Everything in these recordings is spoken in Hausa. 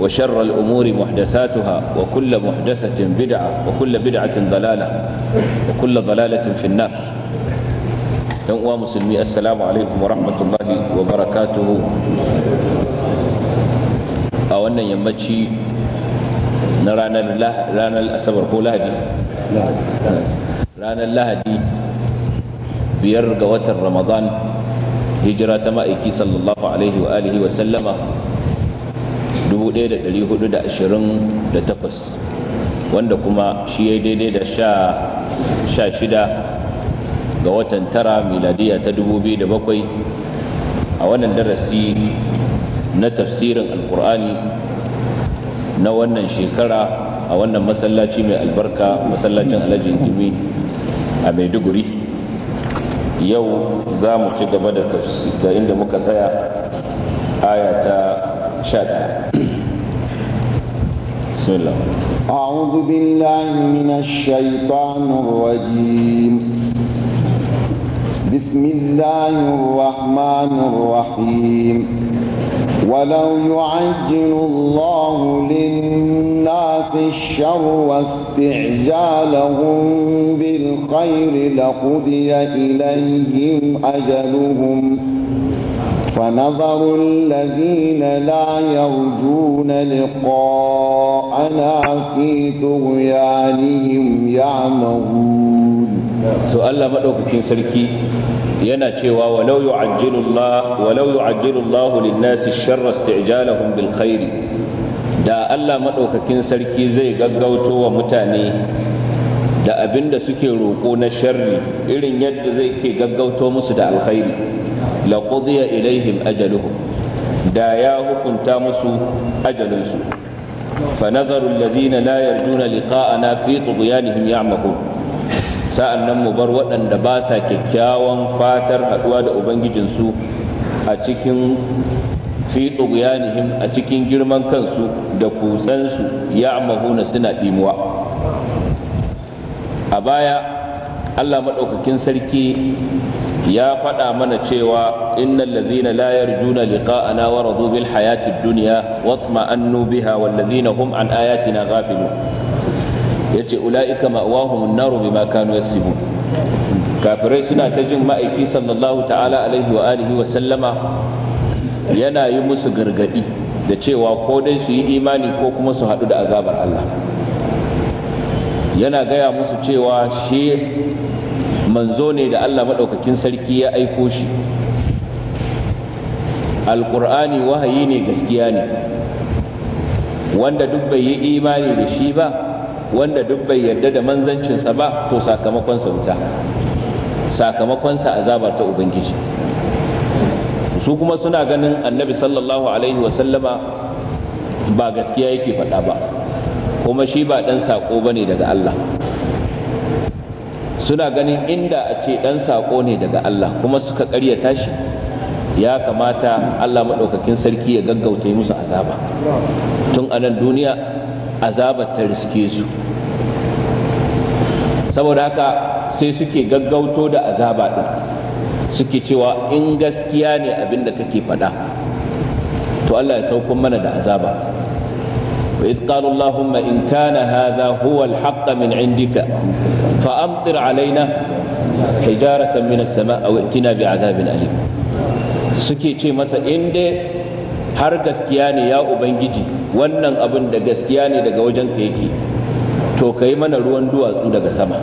وشر الأمور محدثاتها وكل محدثة بدعة وكل بدعة ضلالة وكل ضلالة في النار يوم مسلمي السلام عليكم ورحمة الله وبركاته أولا يمتشي نرانا رانا الأسبر هو لهدي رانا اللهدي بيرقوة رمضان هجرة مائكي صلى الله عليه وآله وسلم 1428 wanda kuma shi ya daidai da sha shida ga watan tara miladiya ta 2007 a wannan darasi na tafsirin alkur'ani na wannan shekara a wannan masallaci mai albarka masallacin alhajin jimi a maiduguri yau za mu ci gaba da inda muka tsaya aya ta وسلم أعوذ بالله من الشيطان الرجيم بسم الله الرحمن الرحيم ولو يعجل الله للناس الشر واستعجالهم بالخير لقضي إليهم أجلهم فنظر الذين لا يرجون لقاءنا في طغيانهم يعمهون تؤلى مدوك في سركي ينا تشوى ولو يعجل الله ولو يعجل الله للناس الشر استعجالهم بالخير دا Allah maɗaukakin sarki زي gaggauto ومتاني دا da abin da suke roƙo na sharri irin yadda zai ke gaggauto laqudiya ilaihim ajaluhum da ya hukunta musu ajalinsu fa nazaru alladhina la yarjuna liqa'ana fi sa'an nan mu bar waɗanda ba sa kyakkyawan fatar haɗuwa da ubangijinsu a cikin fi tughyanihim a cikin girman kansu da kutsansu ya'mahuna suna ɗimuwa. a baya Allah maɗaukakin sarki ya faɗa mana cewa innal ladhina la yarjuna liqa'ana wa radu bil hayati dunya watma'annu biha wal ladhina hum an ayatina ghafilun yace ulaika ma'wahum an-nar bima kanu yaksibun kafirai suna ta jin ma'aiki sallallahu ta'ala alaihi wa alihi wa sallama yana yi musu gargadi da cewa ko dai su yi imani ko kuma su haɗu da azabar Allah yana gaya musu cewa shi manzo ne da Allah maɗaukakin sarki ya aiko shi alƙur'ani wahayi ne gaskiya ne wanda duk bai yi imani da shi ba wanda duk bai yarda da manzancinsa ba to sakamakonsa wuta sakamakonsa azaba ta ubangiji su kuma suna ganin annabi sallallahu alaihi wasallama ba gaskiya yake faɗa ba kuma shi ba ɗan saƙo ba ne daga Allah suna ganin inda a ce ɗan saƙo ne daga Allah kuma suka ƙaryata tashi. ya kamata Allah maɗaukakin sarki ya gaggauta musu azaba tun anan duniya azaba ta riske su saboda haka sai suke gaggauto da azaba ɗin suke cewa in gaskiya ne abinda kake faɗa to Allah ya sauko mana da azaba وإذ قالوا اللهم إن كان هذا هو الحق من عندك فأمطر علينا حجارة من السماء أو ائتنا بعذاب أليم suke ce masa in dai har gaskiya ne ya ubangiji wannan abin da gaskiya ne daga wajenka yake to ka yi mana ruwan duwatsu daga sama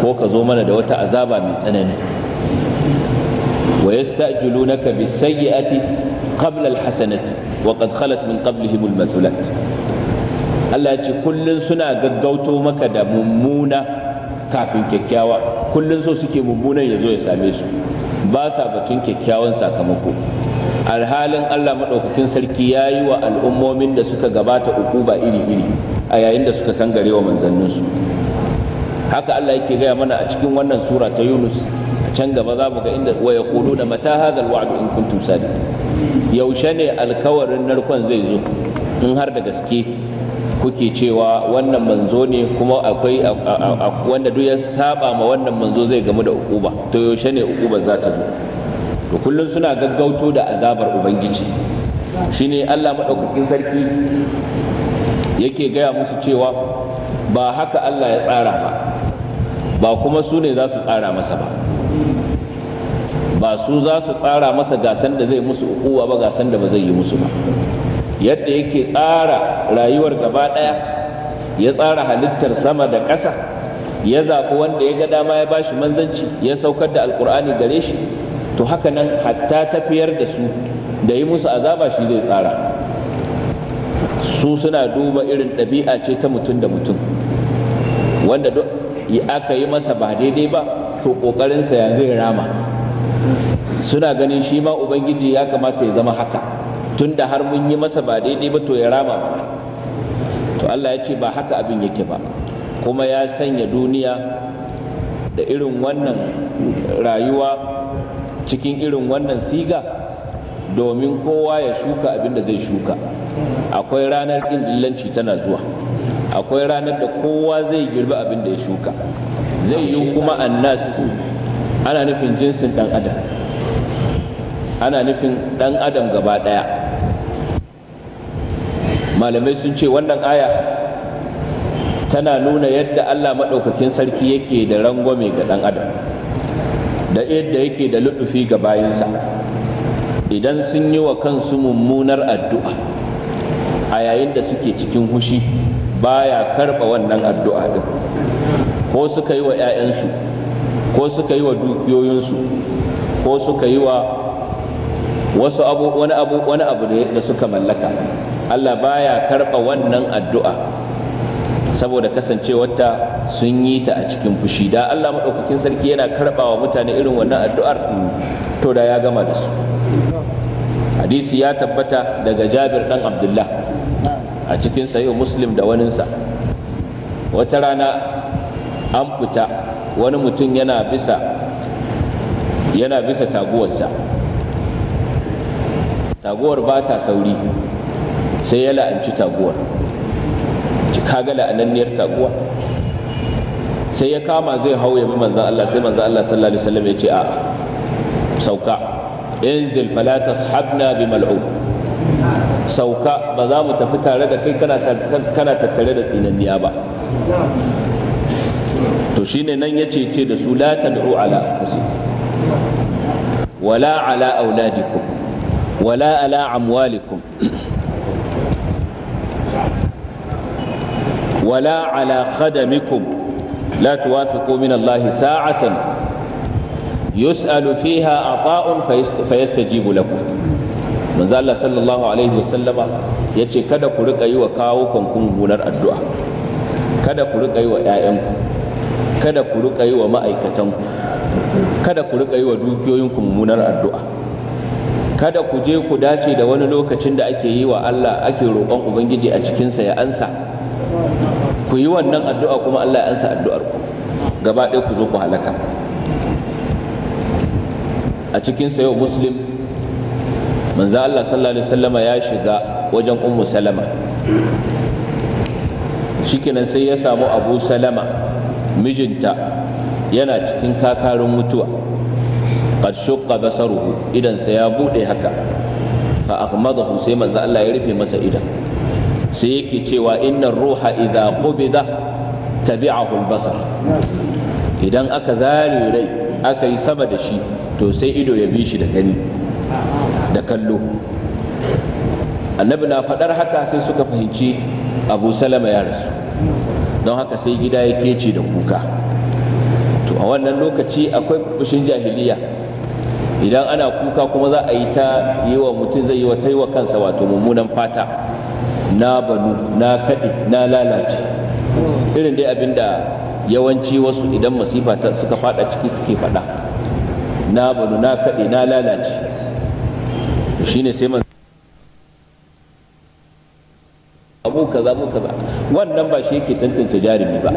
ko ka zo mana da wata azaba mai tsanani wa yasta'jilunaka bis sayyi'ati qabla al hasanati wa khalat min qablihim almathulat Allah ya ce kullun suna gaggauto maka da mummuna kafin kyakkyawa kullun so suke mummunan ya zo ya same su ba sa batun kyakkyawan sakamako alhalin Allah maɗaukakin sarki ya yi wa al'ummomin da suka gabata ukuba iri-iri a yayin da suka kangare wa manzanninsu haka Allah yake gaya mana a cikin wannan sura ta Yunus a can gaba za mu ga inda waya kudu da mata hadha wa'adu in kuntum sadiqin yaushe ne alkawarin narkon zai zo in har da gaske kuke cewa wannan manzo ne kuma akwai wanda duk ya saba ma wannan manzo zai gamu da ukuba to yaushe ne ukuba za ta zo to kullum suna gaggauto da azabar ubangiji shine Allah madaukakin sarki yake gaya musu cewa ba haka Allah ya tsara ba ba kuma su ne za su tsara masa ba ba su za su tsara masa gasan da zai musu ukuwa ba gasan da ba zai yi musu ba yadda yake tsara rayuwar gaba ɗaya ya tsara halittar sama da ƙasa ya zaɓi wanda ya ga dama ya ba shi manzanci ya saukar da alkur'ani gare shi to haka nan hatta tafiyar da su da yi musu azaba shi zai tsara su suna duba irin ɗabi'a ce ta mutum da mutum wanda duk aka yi masa ba daidai ba to ƙoƙarinsa ya rama suna ganin shi ma ubangiji ya kamata ya zama haka tunda har mun yi masa ba daidai ba to ya rama mana to Allah ya ce ba haka abin yake ba kuma ya sanya duniya da irin wannan rayuwa cikin irin wannan siga domin kowa ya shuka abin da zai shuka akwai ranar ƙin dillanci tana zuwa akwai ranar da kowa zai girbi abin da ya shuka zai yi kuma annas ana nufin jinsin ɗan adam ana nufin ɗan adam gaba ɗaya malamai sun ce wannan aya tana nuna yadda allah maɗaukakin sarki yake da rangwame ga ɗan adam da yadda yake da luɗufi ga bayansa idan sun yi wa kansu mummunar addu'a a yayin da suke cikin hushi baya karɓa wannan addu'a ɗin ko suka yi wa ‘ya'yansu ko suka yi wa dukiyoyinsu ko suka yi wa wasu abu wani abu wani abu da suka mallaka Allah baya karɓa wannan addu'a saboda kasancewarta sun yi ta a cikin fushi da Allah maɗaukakin sarki yana wa mutane irin wannan addu'ar to da ya gama da su hadisi ya tabbata daga jabir ɗan abdullah a cikin sayo muslim da waninsa wata rana an fita wani mutum yana bisa taguwarsa taguwar ba ta sauri sai ya la'anci taguwar kaga la'ananniyar taguwa sai ya kama zai hau ya bi manzan Allah sai manzan Allah sallallahu alaihi wasallam ya ce a sauka inzil fala tashabna bi mal'un sauka ba za mu tafi tare da kai kana tattare da tsinanniya ba to shine nan ya ce da su la tad'u ala wala ala auladikum wala ala amwalikum wala ala khadamikum la tuwafiqu min Allah sa'atan yus'alu fiha ata'un fayastajibu lakum manzo Allah sallallahu alaihi wasallama yace kada ku rika yi wa kawo kunkun gunar addu'a kada ku rika yi wa ƴaƴanku kada ku rika yi wa ma'aikatanku kada ku rika yi wa dukiyoyinku mummunar addu'a kada ku je ku dace da wani lokacin da ake yi wa Allah ake roƙon ubangiji a cikinsa ya ansa ku yi wannan addu'a kuma Allah ya ansa addu'ar ku gaba ɗaya ku zo ku halaka a cikin sayo muslim manzo Allah sallallahu alaihi wasallama ya shiga wajen ummu salama shikenan sai ya samu abu salama mijinta yana cikin kakarin mutuwa qad shaqqa basaruhu idan sa ya bude haka fa aghmadahu sai manzo Allah ya rufe masa idan sai yake cewa innan ruha idza qubida tabi'ahu al-basar idan aka zare rai aka yi sama da shi to sai ido ya bi shi da gani da kallo annabi na faɗar haka sai suka fahimci abu salama ya rasu don haka sai gida ya kece da kuka to a wannan lokaci akwai fushin jahiliya idan ana kuka kuma za a yi ta yi wa mutum zai yi wa wa kansa wato mummunan fata na banu na kaɗe na lalace irin dai abin da yawanci wasu idan masifa suka fada ciki suke fada na banu na kaɗe na lalace shine sai wannan ba shi yake tantance jarumi ba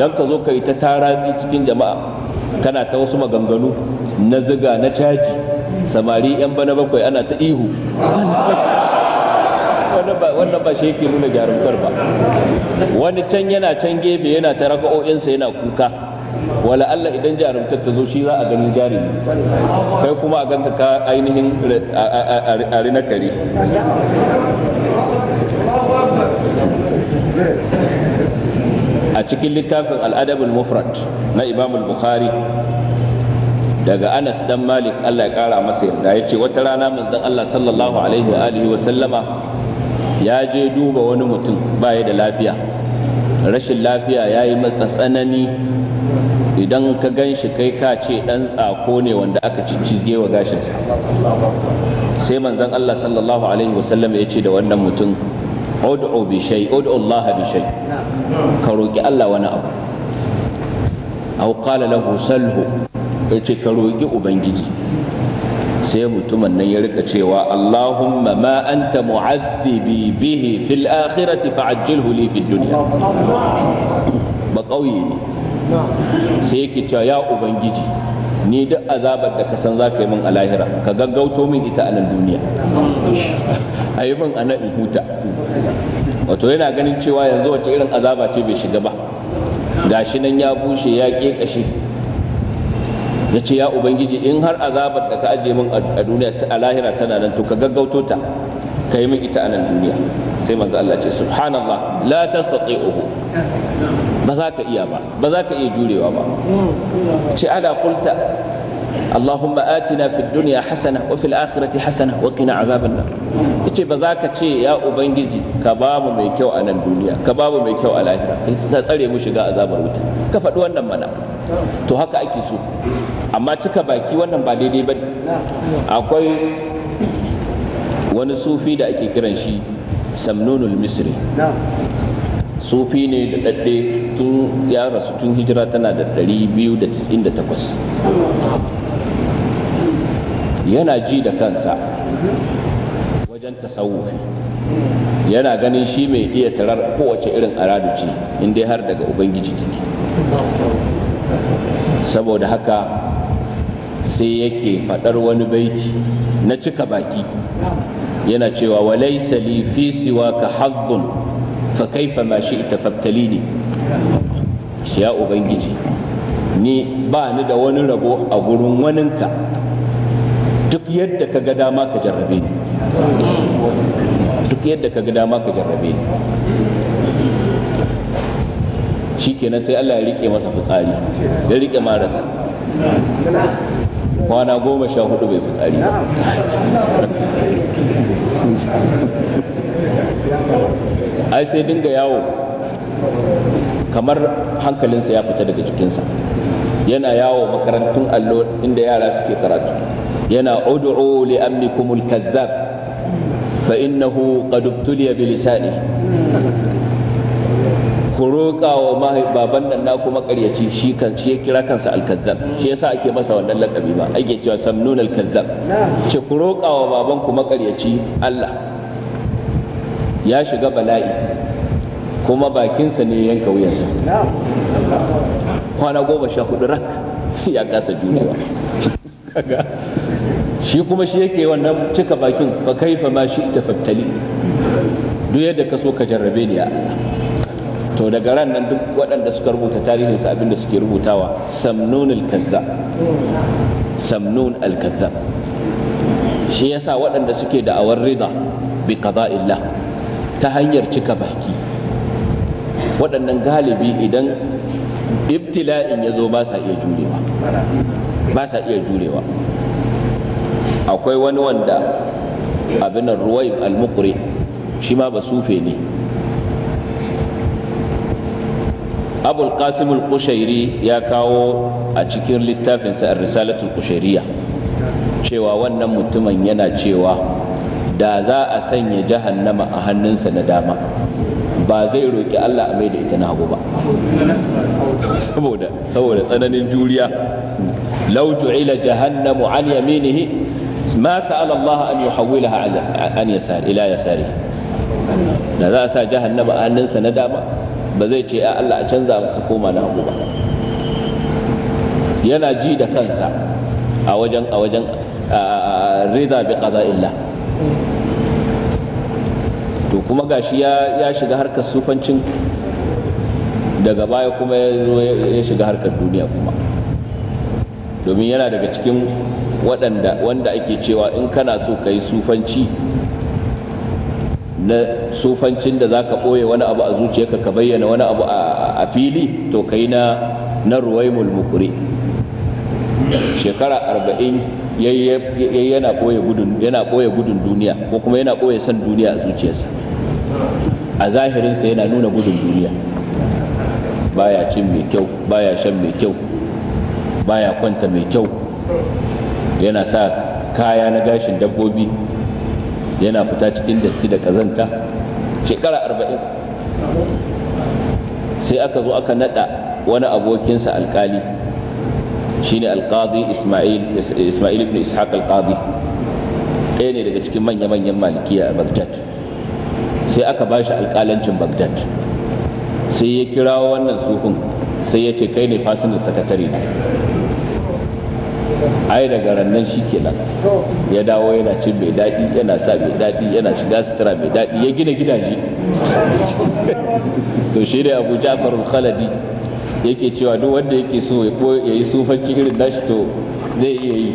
don ka zo ka yi ta tara cikin jama'a kana ta wasu maganganu na ziga na caji samari yan bana bakwai ana ta ihu wannan ba shi yake nuna jarumtar ba wani can yana can gefe yana ta raka'o'insa yana kuka wala Allah idan jarumtar ta zo shi za a ganin jarumi kai kuma a ganta ka ainihin a kare a cikin littafin al'adabul mufrad na Imamul bukhari daga anas dan malik allah ya kara masa yarda ya ce wata rana manzon allah sallallahu alaihi wa alihi wa ya je duba wani mutum baya da lafiya rashin lafiya ya yi masa tsanani idan ka gan shi kai ka ce ɗan tsako ne wanda aka ciccige wa gashinsa sai manzon allah sallallahu alaihi wa sallam ya ce da wannan mutum ud'u bi shay ud'u Allah bi shay ka roki Allah wani abu aw qala lahu salhu yace ka roki ubangiji sai mutumin nan ya rika cewa Allahumma ma anta mu'adhibi bihi fil akhirati fa'ajjilhu li fid dunya ba kauye ne sai yake cewa ya ubangiji ni duk azabar da ka san za ka yi min a lahira ka gaggauto min ita a nan duniya a yi min a in huta wato yana ganin cewa yanzu wace irin azaba ce bai shiga ba gashi nan ya bushe ya ƙeƙashe ya ce ya ubangiji in har azabar da ka ajiye min a duniya a lahira tana nan to ka gaggauto ta ka yi min ita a nan duniya sai manzo Allah ce subhanallah la tastati'uhu ba za ka iya ba ba za ka iya jurewa ba ce ala kulta اللهم آتنا في الدنيا حسنة وفي الآخرة حسنة وقنا عذاب النار yace ba za ka ce ya ubangiji ka ba mu mai kyau a nan duniya ka ba mu mai kyau a lahira ka tsare mu shiga azabar wuta ka faɗi wannan mana to haka ake so amma cika baki wannan ba daidai ba akwai wani sufi da ake kiran shi samnunul misri sufi ne da ɗaɗɗe tun ya rasu tun hijira tana da 298 yana ji da kansa wajen tasawufi yana ganin shi mai iya tarar kowace irin araduci inda har daga ubangiji ciki saboda haka sai yake faɗar wani baiti na cika baki yana cewa walai salifi siwa ka hazzun fa kaifa ma ne, shi ya ubangiji ni ba ni da wani rabo a gurin waninka duk yadda ka ga dama ka jarrabe ni duk yadda ka ga dama ka jarrabe ni shikenan sai Allah ya rike masa fitsari ya rike marasa kwana goma sha hudu bai fitsari ba ai sai dinga yawo kamar hankalinsa ya fita daga jikinsa yana yawo makarantun allo inda yara suke karatu yana udu'u li amnikumul kazzab fa innahu qad ubtuliya bi lisanihi ku roƙa wa baban nan na kuma ƙaryaci shi kan shi ya kira kansa alkazzab mm. shi yasa ake masa wannan lakabi ba ake cewa samnun alkazzab ce ku roƙa wa baban ku maƙaryaci Allah ya shiga bala'i kuma bakinsa ne yanka wuyansa kwana goma sha hudu rak ya kasa jurewa shi kuma shi yake wannan cika bakin fa kaifa ma shi tafattali duk yadda ka so ka jarrabe ni a Allah to daga ran nan duk waɗanda suka rubuta tarihinsa abinda suke rubutawa samnun al samnun al-kazzab shi yasa waɗanda suke da'awar rida bi qada'illah ta hanyar cika baki waɗannan galibi idan ibtila'in ya zo ba sa iya jurewa ba sa iya jurewa akwai wani wanda abinan ruwai al-muqri shi ma ba sufe ne abul qasim al-qushairi ya kawo a cikin littafinsa ar-risalatu al-qushairiyya cewa wannan mutumin yana cewa da za a sanya jahannama a hannunsa na dama ba zai roki Allah a mai da ita na hagu ba saboda saboda tsananin juriya law ju'ila jahannamu an yaminihi ma sa'ala Allah an yuhawwilaha an yasari ila yasari da za a sa jahannama a hannunsa na dama ba zai ce ya Allah a canza ka koma na abu ba yana ji da kansa a wajen a wajen rida bi illa to kuma gashi ya ya shiga harkar sufancin daga baya kuma ya ya shiga harkar duniya kuma domin yana daga cikin wanda ake cewa in kana so ka yi sufanci na sufancin da za ka boye wani abu a zuciyarka ka bayyana wani abu a fili to kai na na ruwaimul mukri shekara arba'in yana ɓoye gudun yana gudun duniya ko kuma yana ɓoye san duniya a zuciyarsa a zahirinsa yana nuna gudun duniya baya cin mai kyau baya shan mai kyau baya kwanta mai kyau yana sa kaya na gashin dabbobi yana fita cikin datti da kazanta shekara arba'in sai aka zo aka nada wani abokinsa alkali shine alkazi ismail ibn ishaq alkazi ɗaya ne daga cikin manya-manyan malikiya a bagdad sai aka ba shi alkalancin bagdad sai ya kira wannan tsohon, sai ya ce kai ne fasinan sakatare ai daga rannan shi kenan ya dawo yana cin mai daɗi yana sa mai daɗi yana shiga sutura mai daɗi ya gina gidaje to shi ne abu ja'far khaladi yake cewa duk wanda yake so ya yi sufanci irin nashi to zai iya yi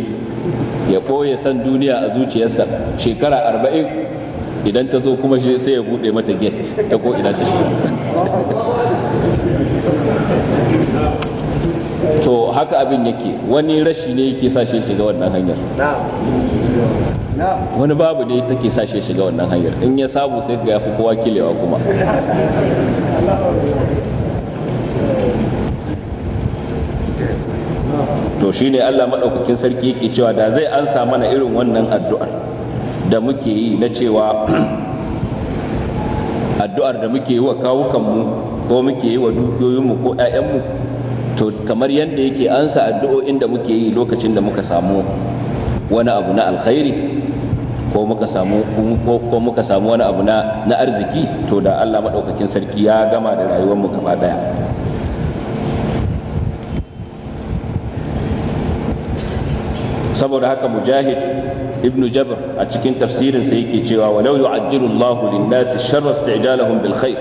ya ɓoye san duniya a zuciyarsa shekara arba'in idan ta zo kuma shi sai ya buɗe mata gate ta ko ina ta shiga to haka abin yake wani rashi ne yake sa shi shiga wannan hanyar wani babu ne take sa shi shiga wannan hanyar in ya sabu sai ga yafi kowa kilewa kuma to shi ne Allah maɗaukakin sarki yake cewa da zai ansa mana irin wannan addu'ar da muke yi na cewa addu'ar da muke yi wa kawukanmu ko muke yi wa dukiyoyinmu ko 'ya'yanmu to kamar yadda yake ansa addu'o'in da muke yi lokacin da muka samu wani abu na alkhairi ko muka samu ko muka samu wani abu na na arziki to da Allah madaukakin sarki ya gama da rayuwar mu gaba daya saboda haka mujahid ibnu jabr a cikin tafsirin sa yake cewa walau yu'ajjilu Allahu lin-nasi sharra bil khair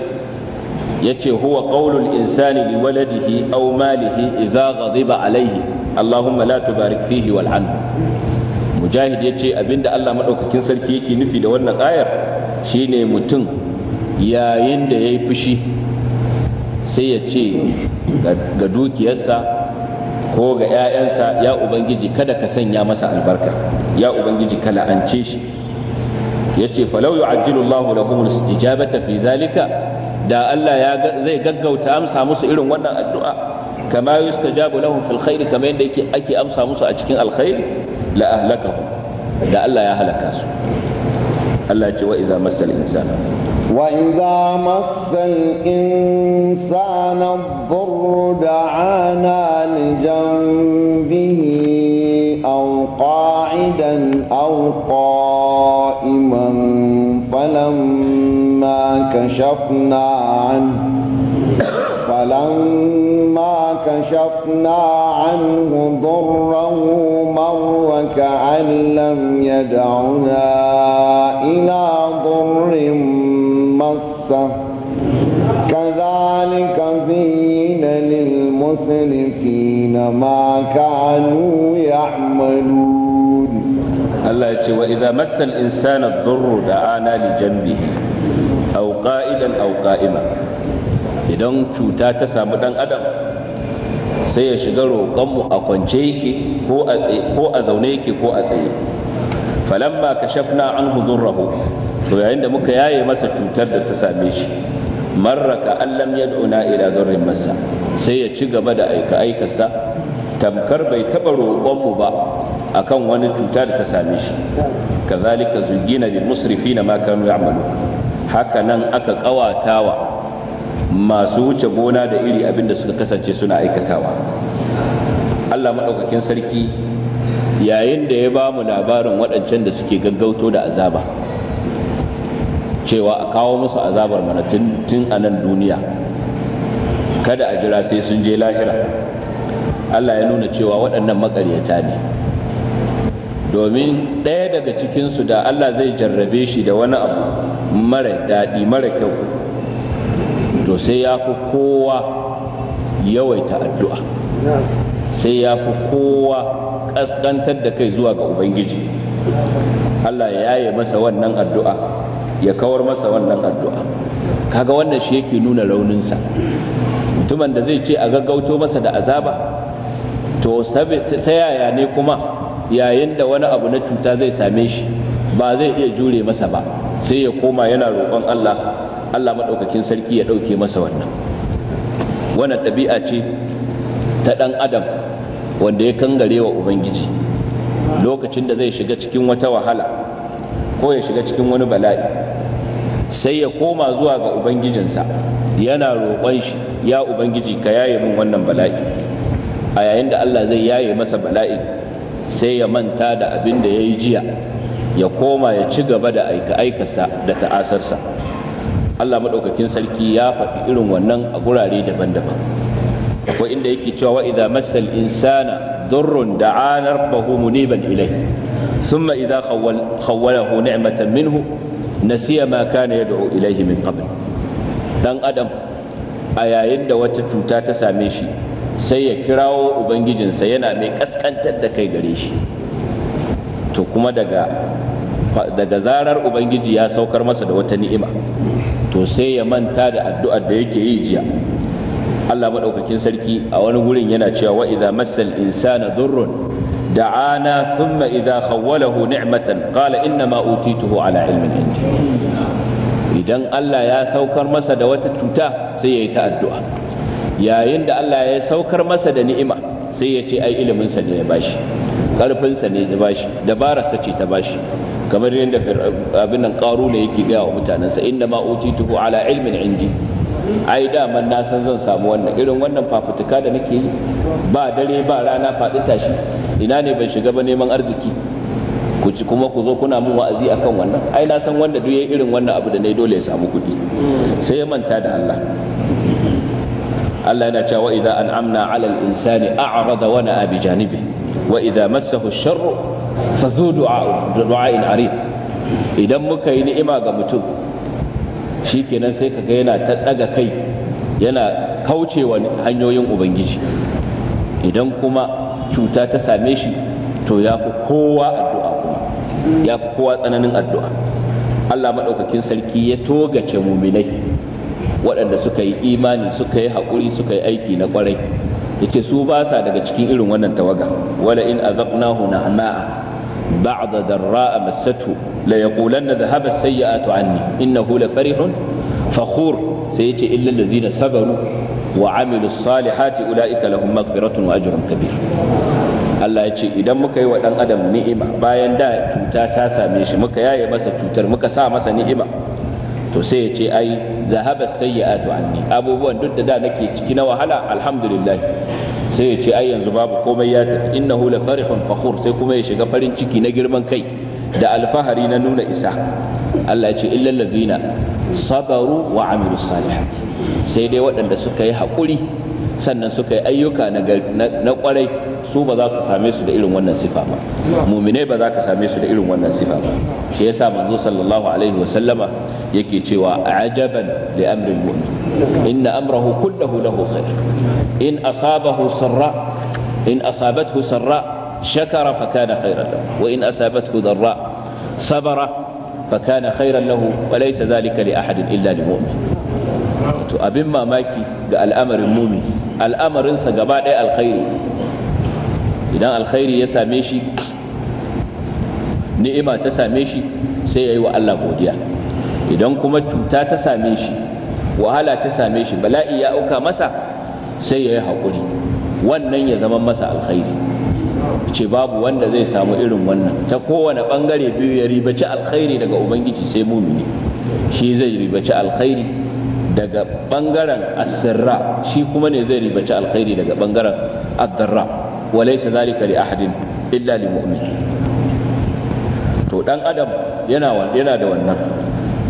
yace huwa qaulul insani li waladihi aw malihi idza ghadiba alayhi allahumma la tubarik fihi wal an mujahid yace abinda Allah madaukakin sarki yake nufi da wannan ayar shine mutum yayin da yayi fushi sai ya ce ga dukiyarsa ko ga 'ya'yansa ya ubangiji kada ka sanya masa albarka ya ubangiji ka la'ance shi ya ce falau yu'ajjilu da lahum istijabata fi zalika da Allah ya zai gaggauta amsa musu irin wannan addu'a kama yustajabu lahum fil khair kama yadda ake amsa musu a cikin alkhair la ahlakahum da Allah ya halaka su Allah ce wa idza massal insana wa idza massal insana dhurru da'ana li janbihi aw qa'idan aw qa'idan كشفنا عنه فلما كشفنا عنه ضره مر كأن لم يدعنا إلى ضر مسه كذلك زين للمسرفين ما كانوا يعملون الله ya ce مس الإنسان الضر دعانا لجنبه au qa'idan au qa'ima idan cuta ta samu ɗan adam sai ya shiga roƙonmu a kwance yake ko a zaune yake ko a tsaye falamma kashafna anhu raho to yayin da muka yaye masa cutar da ta same shi marraka allam yad'una ila darrin masa sai ya ci gaba da aika aikarsa tamkar bai taɓa roƙonmu ba akan wani cuta da ta same shi kazalika zugina bil musrifina ma kanu ya'malu haka nan aka kawatawa masu wuce gona da iri abinda suka kasance suna aikatawa Allah madaukakin sarki yayin da ya ba mu labarin waɗancan da suke gaggauto da azaba cewa a kawo musu azabar mana tun a nan duniya kada a jira sai sun je lahira Allah ya nuna cewa waɗannan makaryata ne domin ɗaya daga cikinsu da Allah zai jarrabe shi da wani abu mara daɗi mara kyau to sai ya fi kowa yawaita addu'a sai ya fi kowa ƙasƙantar da kai zuwa ga Ubangiji Allah ya yi masa wannan addu'a ya kawar masa wannan addu'a kaga wannan shi yake nuna rauninsa mutumin da zai ce a gaggauto masa da azaba to ta yaya ne kuma yayin da wani abu na cuta zai same shi ba zai iya jure masa ba sai ya koma yana roƙon Allah Allah maɗaukakin sarki ya ɗauke masa wannan wannan ɗabi'a ce ta ɗan adam wanda ya kangare wa ubangiji lokacin da zai shiga cikin wata wahala ko ya shiga cikin wani bala'i sai ya koma zuwa ga ubangijinsa yana roƙon shi ya ubangiji ka yaye min wannan bala'i a yayin da Allah zai yaye masa bala'i sai ya manta da abin da ya yi jiya ya koma ya ci gaba da aika-aikarsa da ta'asarsa Allah maɗaukakin sarki ya faɗi irin wannan a gurare daban-daban akwai inda yake cewa wa idza massal insana durrun da'a rabbahu muniban ilai thumma idza khawwalahu ni'matan minhu nasiya ma kana yad'u ilaihi min qabl dan adam a yayin da wata cuta ta same shi sai ya kirawo ubangijinsa yana mai ƙasƙantar da kai gare shi to kuma daga daga zarar ubangiji ya saukar masa da wata ni'ima to sai ya manta da addu'ar da yake yi jiya Allah maɗaukakin sarki a wani gurin yana cewa wa idza massal insana durrun da'ana thumma idza khawwalahu ni'matan qala inna ma utituhu ala ilmin indi idan Allah ya saukar masa da wata cuta sai ya yi ta addu'a yayin da Allah ya saukar masa da ni'ima sai ya ce ai ilimin sa ne ya bashi karfin sa ne ya bashi dabarar sa ce ta bashi kamar yadda abin nan ne yake ga wa mutanen sa inna ma utituhu ala ilmin indi ai daman na san zan samu wannan irin wannan fafutuka da nake yi ba dare ba rana faɗi tashi ina ne ban shiga ba neman arziki ku ci kuma ku zo kuna mun wa'azi akan wannan ai na san wanda duk yayi irin wannan abu da ne dole ya samu kuɗi sai ya manta da Allah Allah yana cewa idza an'amna 'ala al-insani a'rada wa na'a bi janibi wa idza massahu ash-sharru fa du'a du'a'in 'arid idan muka yi ni'ima ga mutum shikenan sai kaga yana ta daga kai yana kaucewa hanyoyin ubangiji idan kuma cuta ta same shi to ya fi kowa addu'a kuma ya fi kowa tsananin addu'a Allah maɗaukakin sarki ya togace muminai waɗanda suka yi imani suka yi haƙuri suka yi aiki na ƙwarai yace su ba sa daga cikin irin wannan tawaga wala in azaqnahu nahma'a ba'da darra'a massathu la yaqulanna dhahaba as-sayyi'atu anni innahu la farihun fakhur sai yace illa alladhina sabaru wa amilu salihati ulaika lahum maghfiratun wa ajrun kabir Allah ya ce idan muka yi wa ɗan adam ni'ima bayan da cuta ta same shi muka yaye masa cutar muka sa masa ni'ima to sai ya ce ai zahabat sayyi'atu anni abubuwan duk da da nake ciki na wahala alhamdulillah sai ya ce ai yanzu babu komai ya tafi innahu la farihun fakhur sai kuma ya shiga farin ciki na girman kai da alfahari na nuna isa Allah ya ce illal ladina sabaru wa amilus salihati sai dai waɗanda suka yi haƙuri sannan suka yi ayyuka na kwarai su ba za ka same su da irin wannan sifa ba muminai ba za ka same su da irin wannan sifa ba shi yasa manzo sallallahu alaihi wa sallama yake cewa ajaban li amril mu'min inna amrahu kullahu lahu khair in asabahu sarra in asabathu sarra shakara fa kana khairan lahu wa in asabathu darra sabara fa kana khairan lahu wa laysa dhalika li ahadin illa lil mu'min to abin mamaki ga al'amarin mumini al'amarinsa gaba ɗaya alkhairi idan alkhairi ya same shi ni'ima ta same shi sai ya yi wa Allah godiya idan kuma cuta ta same shi wahala ta same shi bala'i ya auka masa sai ya yi haƙuri wannan ya zama masa alkhairi ce babu wanda zai samu irin wannan ta kowane ɓangare biyu ya ribaci alkhairi daga ubangiji sai mumini shi zai ribaci alkhairi daga bangaren asirra shi kuma ne zai ribaci alkhairi daga bangaren addarra walaysa zalika li ahadin illa lil mu'min to dan adam yana yana da wannan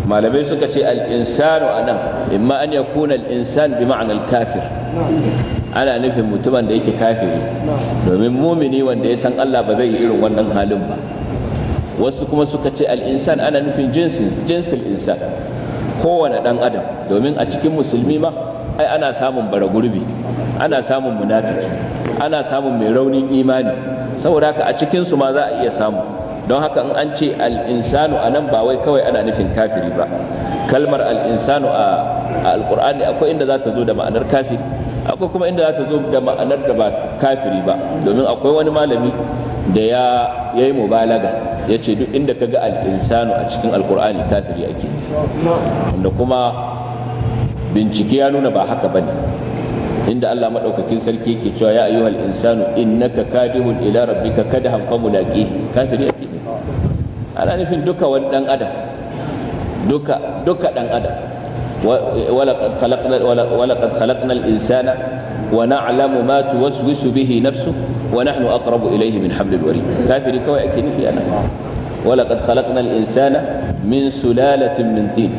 malamai suka ce al-insanu anan imma an yakuna al-insan bi ma'na kafir ana nufin mutumin da yake kafiri domin mumini wanda ya san Allah ba zai yi irin wannan halin ba wasu kuma suka ce al-insan ana nufin jinsin jinsin insan kowane ɗan adam domin a cikin musulmi ma ai ana samun bara gurbi ana samun munafiki ana samun mai raunin imani saboda haka a cikinsu ma za a iya samu don haka in an ce al'insanu a nan ba wai kawai ana nufin kafiri ba kalmar al'insanu a alƙur'ani akwai inda za ta zo da ma'anar kafiri akwai kuma inda za ta zo da ma'anar da ba kafiri ba domin akwai wani malami da ya yi mubalaga ya ce duk inda ka ga al'insanu a cikin alkur'ani kafiri ake wanda kuma bincike ya nuna ba haka bane inda Allah maɗaukakin sarki yake cewa ya ayyuhal insanu innaka kadihun ila rabbika kada fa mulaqi kafiri ake ana nufin duka wani dan adam duka duka adam ولقد خلقنا الإنسان ونعلم ما توسوس به نفسه ونحن أقرب إليه من حبل الوريد كافر كوي أكيد في أنا ولقد خلقنا الإنسان من سلالة من طين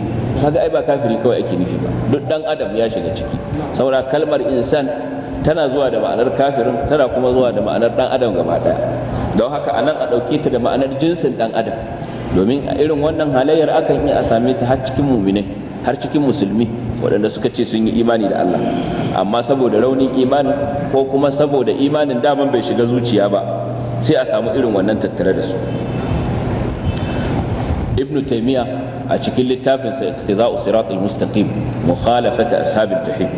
kaga ai ba kafiri kawai ake nufi ba duk dan adam ya shiga ciki saboda kalmar insan tana zuwa da ma'anar kafirin tana kuma zuwa da ma'anar dan adam gaba daya don haka anan a dauke ta da ma'anar jinsin dan adam domin a irin wannan halayyar akan iya a same ta har cikin muminai har cikin musulmi waɗanda suka ce sun yi imani da Allah amma saboda raunin imani ko kuma saboda imanin daman bai shiga zuciya ba sai a samu irin wannan tattare da su ibnu taymiya a cikin littafin sa u siratul mustaqim mukhalafata ashabil jahim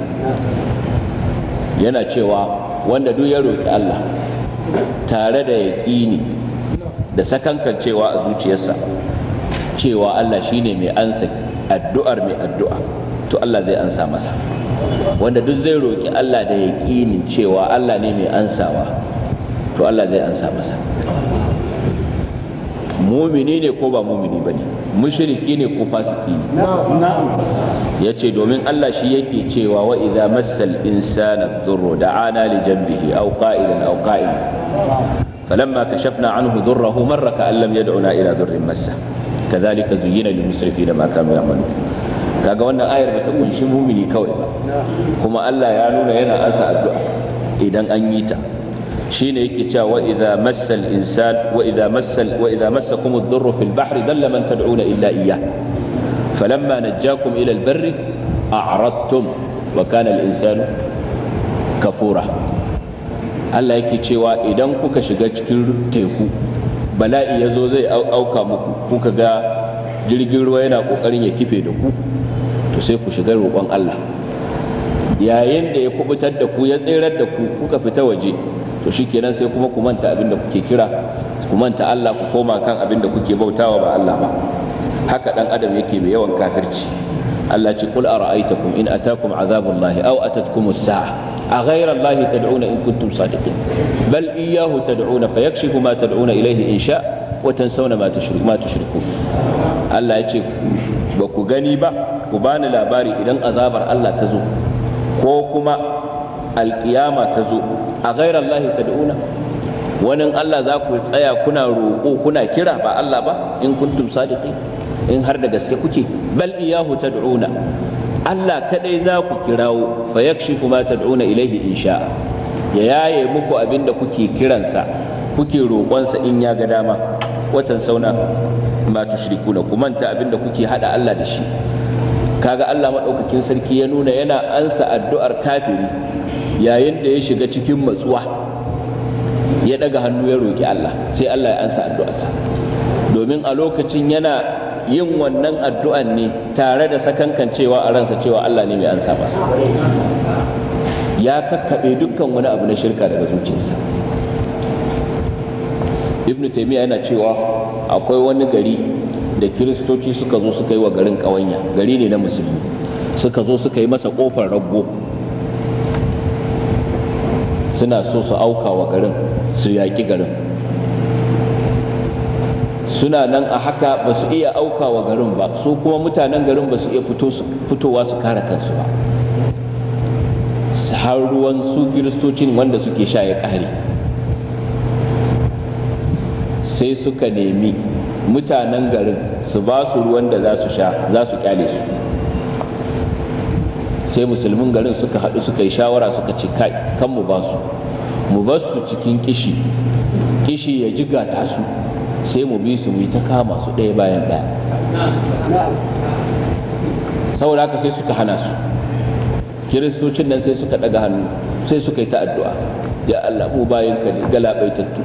yana cewa wanda duk ya roki Allah tare da yaqini da sakankan cewa a zuciyarsa cewa Allah shine mai ansa addu'ar mai addu'a to Allah zai ansa masa wanda duk zai roki Allah da yaƙinin cewa Allah ne mai ansawa to Allah zai ansa masa mumini ne ko ba mumini bane mushriki ne ko fasiki ne yace domin Allah shi yake cewa wa idza massal insana dhurru da'ana li janbihi aw qa'ilan aw qa'im falamma kashafna anhu dhurrahu marra ka allam yad'una ila dhurrin massa kazalika zuyyina lil musrifina ma kanu kaga wannan ayar ba ta kunshi mumini kawai kuma Allah ya nuna yana asa addu'a idan an yi ta shine yake cewa wa idza massal insan wa idza massal wa idza massakum ad-durru fil bahri dalla man tad'una illa iya falamma najjakum ila al-barri a'radtum wa kana al-insanu kafura Allah yake cewa idan kuka shiga cikin teku bala'i ya zo zai auka muku kuka ga jirgin ruwa yana kokarin ya kife da ku to sai ku shiga roƙon Allah yayin da ya kubutar da ku ya tserar da ku kuka fita waje to shikenan sai kuma ku manta abin da kuke kira ku manta Allah ku koma kan abin da kuke bautawa ba Allah ba haka dan adam yake mai yawan kafirci Allah ce kul ara'aytakum in atakum azabullahi aw atatkumus sa'a a ghayra allahi tad'una in kuntum sadiqin bal iyyahu tad'una fayakshifu ma tad'una ilayhi in sha wa tansawna ma tushriku ma Allah ya ce ba ku gani ba ku bani labari idan azabar Allah ta zo ko kuma alkiyama ta zo a ghayra wani Allah za ku tsaya kuna roƙo kuna kira ba Allah ba in kuntum sadiqin in har da gaske kuke bal iyahu tad'una Allah kadai za ku kirawo fa yakshifu ma tad'una ilayhi in sha'a ya yaye muku abinda kuke kiransa kuke roƙonsa in ya ga dama watan sauna ma tushrikuna ku manta abinda kuke hada Allah da shi kaga Allah madaukakin sarki ya nuna yana ansa addu'ar kafiri yayin da ya shiga cikin matsuwa ya daga hannu ya roki Allah sai Allah ya ansa addu'arsa domin a lokacin yana yin wannan addu'an ne tare da sakankan cewa a ransa cewa Allah ne mai ansa masa ya kakkaɓe dukkan wani abu na shirka daga zuciyarsa ibn taimiyya yana cewa akwai wani gari da kiristoci suka zo suka yi wa garin ƙawanya gari ne na musulmi suka zo suka yi masa ƙofar rabbo suna so su auka wa garin su yaƙi garin suna nan a haka ba su iya aukawa garin ba su kuma mutanen garin ba su iya fitowa su kare kansu ba har ruwan su kiristocin wanda suke sha ya ƙare sai suka nemi mutanen garin su ba su ruwan da za su sha za su kyale su sai musulmin garin suka haɗu suka yi shawara suka ce kan mu ba su mu ba su cikin kishi kishi ya jiga ta su sai mu bi su mu ta kama su ɗaya bayan ɗaya saboda haka sai suka hana su kiristocin nan sai suka ɗaga hannu sai suka yi ta addu'a ya Allah mu bayan ka ne galabaitattu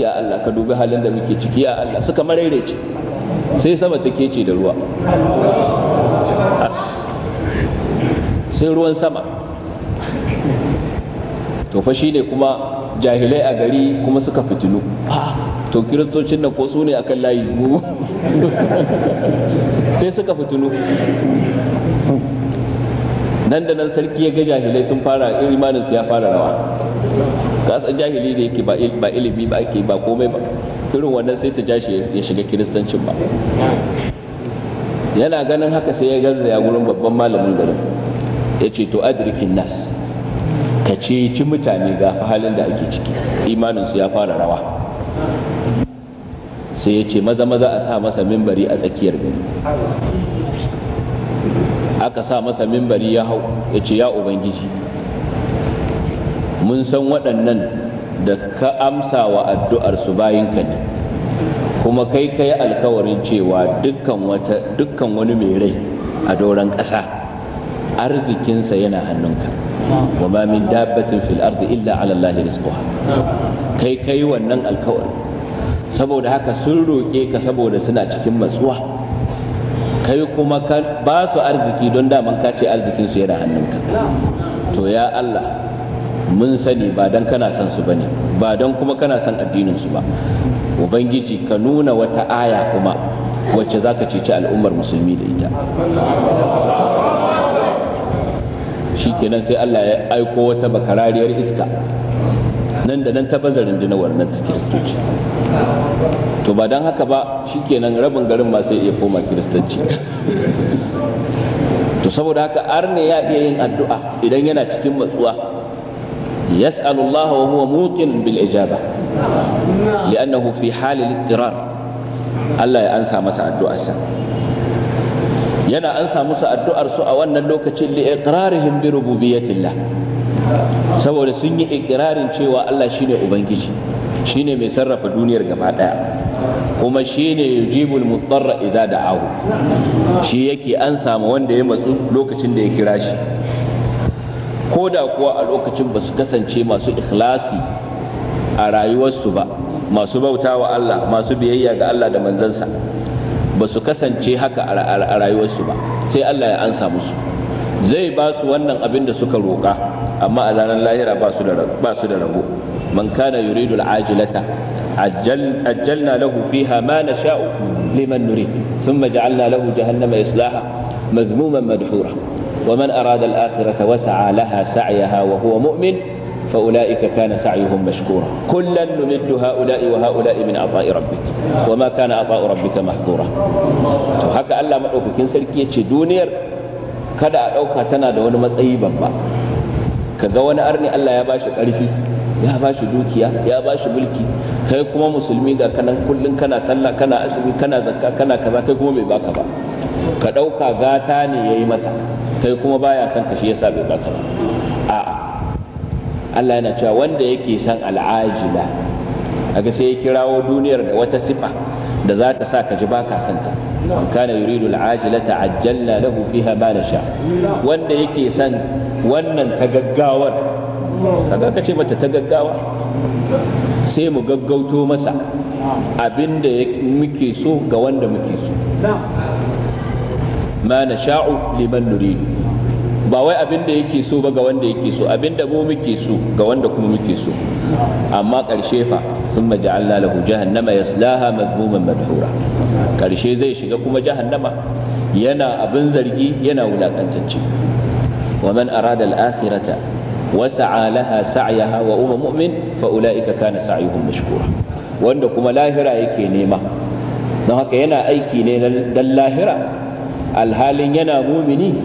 ya Allah ka dubi halin da muke ciki ya Allah suka ce. sai sama ta kece da ruwa sai ruwan sama to fa shine kuma jahilai a gari kuma suka fitilu to kiristocin nan ko su ne akan layi sai suka fitinu nan da nan sarki ya ga jahilai sun fara imanin su ya fara rawa Ka san jahili da yake ba ilimi ba ake ba komai ba irin wannan sai ta jashi ya shiga kiristancin ba yana ganin haka sai ya garza ya gurin babban malamin garin ya ce to adrikin nas ka ci mutane ga halin da ake ciki imaninsu ya fara rawa sai ya ce maza maza a sa masa mimbari a tsakiyar gari aka sa masa mimbari ya hau ya ce ya ubangiji mun san waɗannan da ka amsa wa addu'arsu bayinka ne kuma kai kai alkawarin cewa dukkan wani mai rai a doron ƙasa arzikinsa yana hannunka wa ma min dabbatin fil ardi illa ala Allah rizquha kai kai wannan alkawarin saboda haka sun roƙe ka saboda suna cikin matsuwa kai kuma ka ba su arziki don daman ka ce arzikin su yana hannunka to ya Allah mun sani ba don kana son su bane ba don kuma kana son addinin su ba ubangiji ka nuna wata aya kuma wacce zaka ceci al'ummar musulmi da ita Shi kenan sai Allah ya aiko wata bakarariyar iska nan da nan ta baza rundunawar na kiristoci to ba don haka ba shikenan rabin garin ma sai iya koma kiristanci to saboda haka arne ya iya yin addu'a idan yana cikin matsuwa yas'alu Allah wa huwa muqin bil ijaba li'annahu fi hali al Allah ya ansa masa addu'arsa yana ansa musu addu'ar su a wannan lokacin li iqrarihim bi rububiyyatillah saboda sun yi ikirarin cewa Allah shine ubangiji shine mai sarrafa duniyar gaba ɗaya, kuma shine yujibul mudarra idza da'ahu shi yake an samu wanda ya matsu lokacin da ya kira shi ko da kuwa a lokacin ba su kasance masu ikhlasi a rayuwarsu ba masu bauta wa Allah masu biyayya ga Allah da manzansa ba su kasance haka a rayuwarsu ba sai Allah ya ansa musu zai ba su wannan abin da suka roƙa amma a ranar lahira ba su da ba su da rabo man kana yuridu al'ajilata ajjalna lahu fiha ma nasha'u liman nurid thumma ja'alna lahu jahannama islaha mazmuman madhura wa man arada ومن أراد الآخرة وسعى لها سعيها وهو مؤمن فأولئك كان سعيهم مشكورا كلا نمد هؤلاء وهؤلاء من عطاء ربك وما كان عطاء ربك محظورا to haka Allah madaukakin sarki yace duniyar kada a dauka tana da wani matsayi babba kaga wani arni Allah ya bashi ƙarfi ya bashi dukiya ya bashi mulki kai kuma musulmi ga kanan kullun kana sallah kana azumi kana zakka kana kaza kai kuma bai baka ba ka ɗauka gata ne yayi masa kai kuma baya son ka shi yasa bai baka ba a'a Allah yana cewa wanda yake son al'ajila aga sai ya kirawo duniyar da wata sifa da za ta sa ka ji baka son ta kana yuridu al'ajila ta'ajjalna lahu fiha ma nasha wanda yake son wannan ta gaggawar kaga ka ce mata ta gaggawa sai mu gaggauto masa abin da muke so ga wanda muke so ma na sha'u liman nuri ba wai abin da yake so ba ga wanda yake so abin da mu muke so ga wanda kuma muke so amma ƙarshe fa sun maja'alla lahu jahannama yaslaha mazmuman madhura ƙarshe zai shiga kuma jahannama yana abin zargi yana wulakantacce ومن أراد الآخرة وسعى لها سعيها وهو مؤمن فأولئك كان سعيهم مشكورا wanda kuma lahira yake nema don haka yana aiki ne dan lahira alhalin yana mumini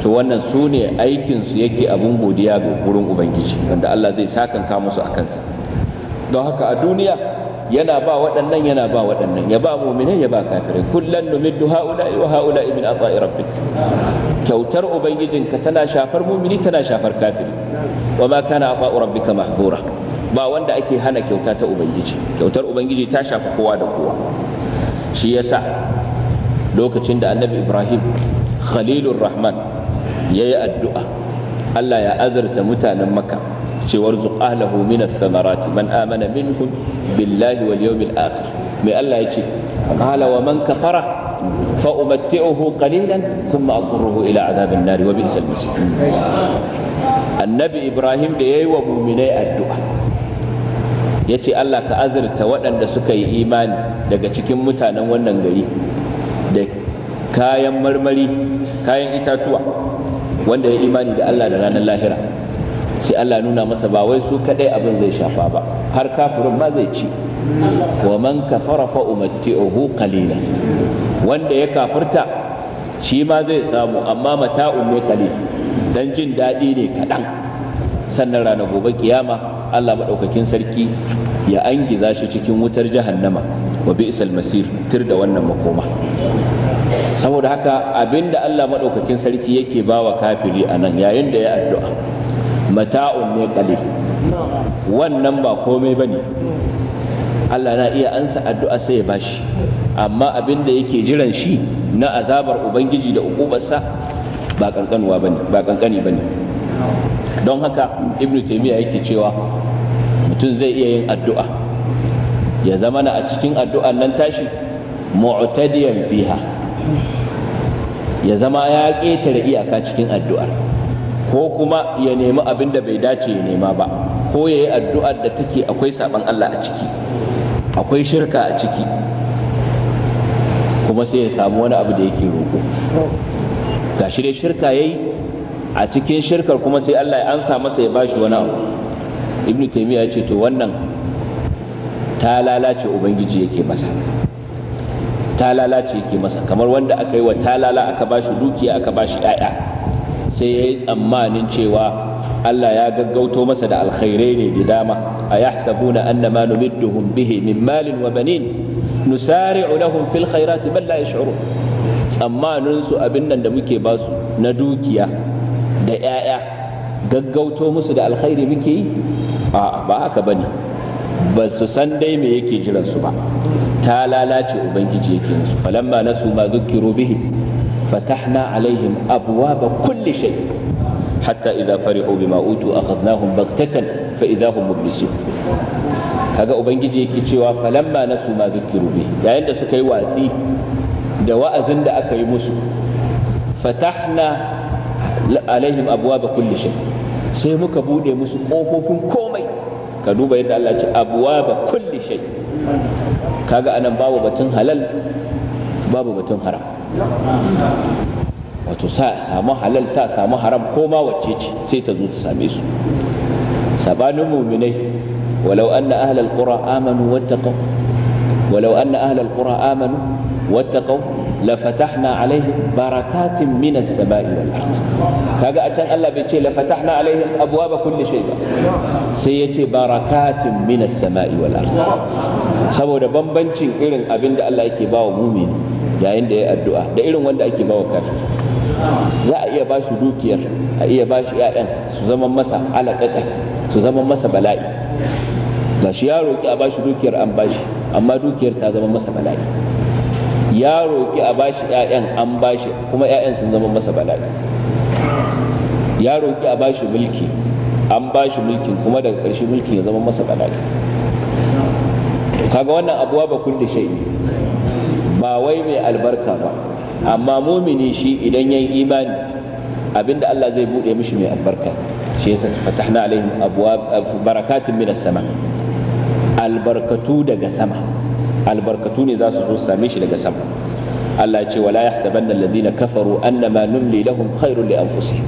to wannan sune aikinsu yake abun godiya ga gurin ubangiji wanda Allah zai sakanka musu akansa. Dan haka a duniya yana ba waɗannan yana ba waɗannan ya ba mu'minai ya ba kafirai kullan numiddu haula'i wa haula'i min ata'i rabbik kyautar ubangijinka tana shafar mu'mini tana shafar kafiri wa ma kana ata'u rabbika mahbura ba wanda ake hana kyauta ta ubangiji kyautar ubangiji ta shafa kowa da kowa shi yasa lokacin da annabi ibrahim khalilur rahman yayi addu'a Allah ya azurta mutanen makka ce warzuq ahlahu min ath-thamarati man amana minhum billahi wal yawmil akhir mai Allah ya ce qala wa man kafara fa umatti'uhu qalilan thumma aqurruhu ila adhabin nar wa bi'sal masir annabi ibrahim da yayi wa mu'minai addu'a yace Allah ka azurta waɗanda suka yi imani daga cikin mutanen wannan gari da kayan marmari kayan itatuwa wanda ya imani da Allah da ranar lahira sai Allah nuna masa ba wai su kadai abin zai shafa ba har kafirin ma zai ci wa man kafara fa umatti'uhu qalila wanda ya kafirta shi ma zai samu amma mata ne qalil dan jin daɗi ne kaɗan sannan ranar gobe kiyama Allah maɗaukakin sarki ya angiza shi cikin wutar jahannama wa bi'sal masir tir da wannan makoma saboda haka abinda Allah maɗaukakin sarki yake bawa kafiri anan yayin da ya addu'a mata'un ne qalil wannan ba komai bane Allah na iya ansa addu'a sai ya bashi amma abin da yake jiran shi na azabar ubangiji da ukubarsa ba kankanuwa ba kankani don haka ibnu taymiya yake cewa mutum zai iya yin addu'a ya zama na a cikin addu'an nan tashi mu'tadiyan fiha ya zama ya ƙetare iyaka cikin addu'ar ko kuma ya nemi abin da bai dace ya nema ba ko ya yi addu'ar da take akwai saɓan Allah a ciki akwai shirka a ciki kuma sai ya samu wani abu da yake roƙo ga shi dai shirka ya yi a cikin shirkar kuma sai Allah ya ansa masa ya shi wani abu Ibn taimiyya ya ce to wannan ta lalace ubangiji yake masa ta lalace yake masa kamar wanda aka yi wa ta lala, aka ba shi dukiya aka ba shi 'ya'ya sai ya yi tsammanin cewa Allah ya gaggauto masa da alkhairai ne da dama a an annama numidduhum bihe min malin wa banin nusari'u lahum fil khairati bal la yash'urun tsammanin su abin nan da muke ba su na dukiya da 'ya'ya gaggauto musu da alkhairi muke yi a'a ba haka bane ba su san dai me yake jiran su ba ta lalace ubangiji yake musu falamma nasu ma zukkiru bihi فتحنا عليهم أبواب كل شيء حتى إذا فرحوا بما أوتوا أخذناهم بغتة فإذا هم مبلسون kaga ubangiji yake cewa falamma nasu ma zikiru bi yayin da suka yi watsi da wa'azin da aka yi musu fatahna alaihim abwaaba kulli shay sai muka bude musu kofofin komai ka duba yadda Allah ce abwaaba kulli shay kaga anan babu batun halal babu batun haram wato sa samu halal sa samu haram ko ma wacce ce sai ta zo ta same su sabanin muminai walau anna ahlal qura amanu wattaqu walau anna ahlal qura amanu wattaqu lafatahna alaihim barakatin minas sama'i wal ard kaga a can Allah bai ce la lafatahna alaihim abwaba kulli shay ba sai ya ce barakatin minas sama'i wal ard saboda bambancin irin abinda Allah yake bawa mumini yayin da ya addu'a da irin wanda ake bawa kafiri za a iya bashi dukiyar a iya bashi ƴaƴan su zama masa alaƙaƙa su zama masa bala'i ga shi ya roƙi a bashi dukiyar an bashi amma dukiyar ta zama masa bala'i ya roƙi a bashi ƴaƴan an bashi kuma ƴaƴan sun zama masa bala'i ya roƙi a bashi mulki an bashi mulkin kuma daga ƙarshe mulkin ya zama masa bala'i kaga wannan abuwa ba kulli shay'in ba wai mai albarka ba amma mumini shi idan yayi imani abinda Allah zai bude mishi mai albarka shi yasa fatahna alaihim abwab barakatun minas sama albarkatu daga sama albarkatu ne za su zo same shi daga sama Allah ya ce wala yahsabanna alladhina kafaru annama numli lahum khairul li anfusihim